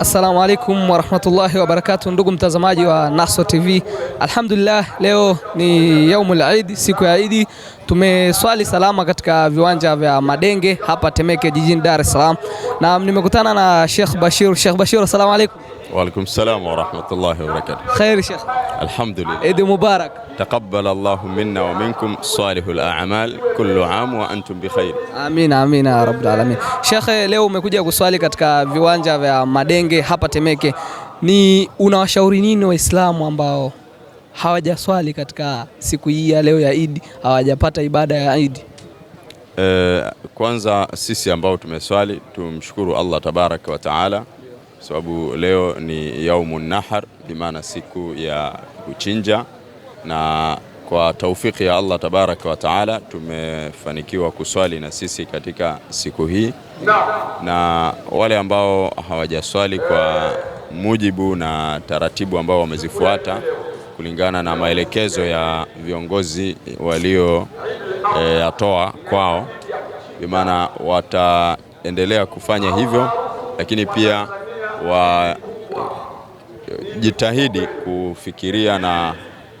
Assalamu alaikum warahmatullahi wabarakatu, ndugu mtazamaji wa Naso TV. Alhamdulillah, leo ni yaumul Eid, siku ya Eid. Tumeswali salama katika viwanja vya Madenge hapa Temeke jijini Dar es Salaam, na nimekutana na Sheikh Bashir. Sheikh Bashir, assalamu alaikum. وعليكم السلام ورحمة الله وبركاته خير يا شيخ الحمد لله Allahu مبارك تقبل الله منا ومنكم صالح am كل عام bi بخير Amina amina يا رب العالمين شيخ leo umekuja kuswali katika viwanja vya Madenge hapa Temeke. Ni unawashauri nini Waislamu ambao hawajaswali katika siku hii ya leo ya Eid, hawajapata ibada ya Eid? Eh, kwanza sisi ambao tumeswali tumshukuru Allah tabaraka wa taala kwa sababu leo ni yaumun nahar, maana siku ya kuchinja, na kwa taufiki ya Allah tabaraka wa taala tumefanikiwa kuswali na sisi katika siku hii, na wale ambao hawajaswali kwa mujibu na taratibu ambao wamezifuata kulingana na maelekezo ya viongozi walio e, kwao, bimaana wataendelea kufanya hivyo, lakini pia wajitahidi kufikiria na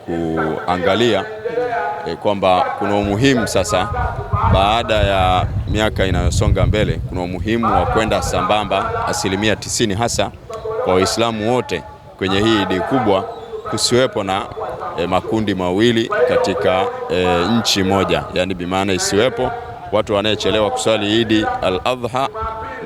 kuangalia e, kwamba kuna umuhimu sasa, baada ya miaka inayosonga mbele, kuna umuhimu wa kwenda sambamba asilimia tisini, hasa kwa Waislamu wote kwenye hii idi kubwa, kusiwepo na e, makundi mawili katika e, nchi moja, yani bimaana isiwepo watu wanayechelewa kuswali Idi al-Adha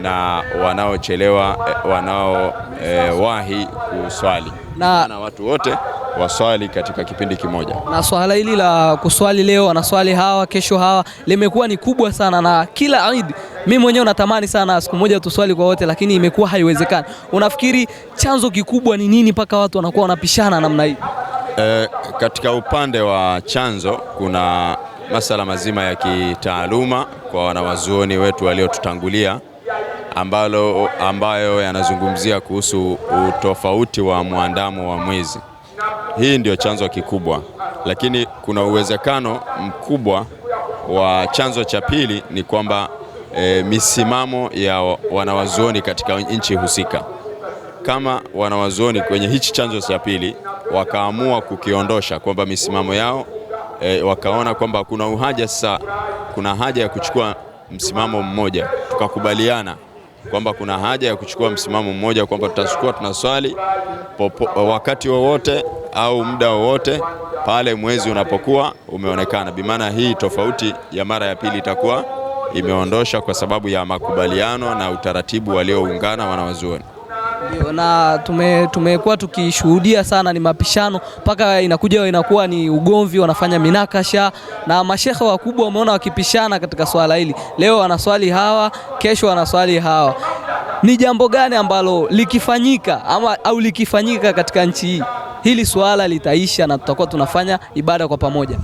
na wanaochelewa wanaowahi eh, eh kuswali na, na watu wote waswali katika kipindi kimoja. Na swala hili la kuswali, leo wanaswali hawa, kesho hawa, limekuwa ni kubwa sana, na kila Eid mimi mwenyewe natamani sana siku moja tuswali kwa wote, lakini imekuwa haiwezekani. Unafikiri chanzo kikubwa ni nini mpaka watu wanakuwa wanapishana namna hii? E, katika upande wa chanzo kuna masala mazima ya kitaaluma kwa wanawazuoni wetu waliotutangulia ambalo, ambayo yanazungumzia kuhusu utofauti wa mwandamo wa mwezi. Hii ndio chanzo kikubwa, lakini kuna uwezekano mkubwa wa chanzo cha pili ni kwamba e, misimamo ya wanawazuoni katika nchi husika. Kama wanawazuoni kwenye hichi chanzo cha pili wakaamua kukiondosha kwamba misimamo yao e, wakaona kwamba kuna uhaja sasa, kuna haja ya kuchukua msimamo mmoja, tukakubaliana kwamba kuna haja ya kuchukua msimamo mmoja kwamba tutachukua tunaswali popo, wakati wowote au muda wowote pale mwezi unapokuwa umeonekana. Bimaana hii tofauti ya mara ya pili itakuwa imeondosha kwa sababu ya makubaliano na utaratibu walioungana wanawazuoni na tume tumekuwa tukishuhudia sana ni mapishano mpaka inakuja inakuwa ni ugomvi, wanafanya minakasha na mashehe wakubwa, wameona wakipishana katika swala hili. Leo wanaswali hawa, kesho wanaswali hawa. Ni jambo gani ambalo likifanyika ama au likifanyika katika nchi hii hili swala litaisha na tutakuwa tunafanya ibada kwa pamoja?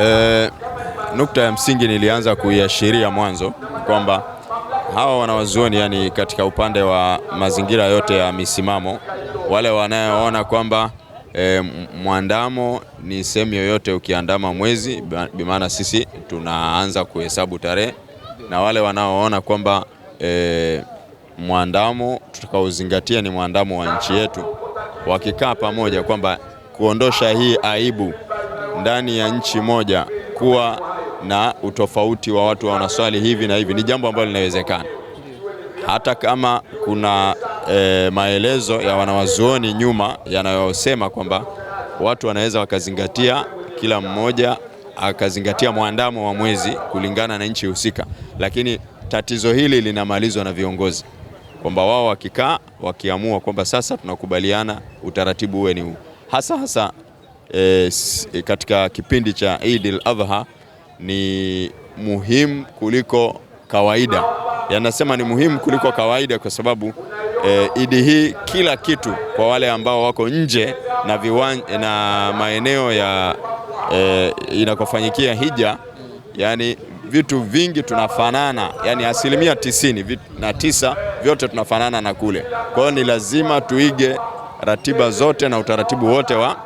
E, nukta ya msingi nilianza kuiashiria mwanzo kwamba hawa wanawazuoni, yani katika upande wa mazingira yote ya misimamo, wale wanaoona kwamba e, mwandamo ni sehemu yoyote ukiandama mwezi, bimaana sisi tunaanza kuhesabu tarehe, na wale wanaoona kwamba e, mwandamo tutakaozingatia ni mwandamo wa nchi yetu, wakikaa pamoja kwamba kuondosha hii aibu ndani ya nchi moja kuwa na utofauti wa watu wanaswali hivi na hivi, ni jambo ambalo linawezekana hata kama kuna e, maelezo ya wanawazuoni nyuma yanayosema kwamba watu wanaweza wakazingatia, kila mmoja akazingatia mwandamo wa mwezi kulingana na nchi husika, lakini tatizo hili linamalizwa na viongozi kwamba wao wakikaa wakiamua kwamba sasa tunakubaliana utaratibu uwe ni huu hasa hasa e, katika kipindi cha Eid al-Adha ni muhimu kuliko kawaida, yanasema ni muhimu kuliko kawaida kwa sababu e, Idi hii kila kitu kwa wale ambao wako nje na viwan, na maeneo ya e, inakofanyikia hija, yani vitu vingi tunafanana, yani asilimia tisini na tisa vyote tunafanana na kule. Kwa hiyo ni lazima tuige ratiba zote na utaratibu wote wa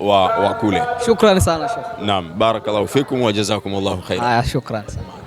وعقولهم. شكرا سانا شيخ. نعم بارك الله فيكم وجزاكم الله خيرا. آه شكرا.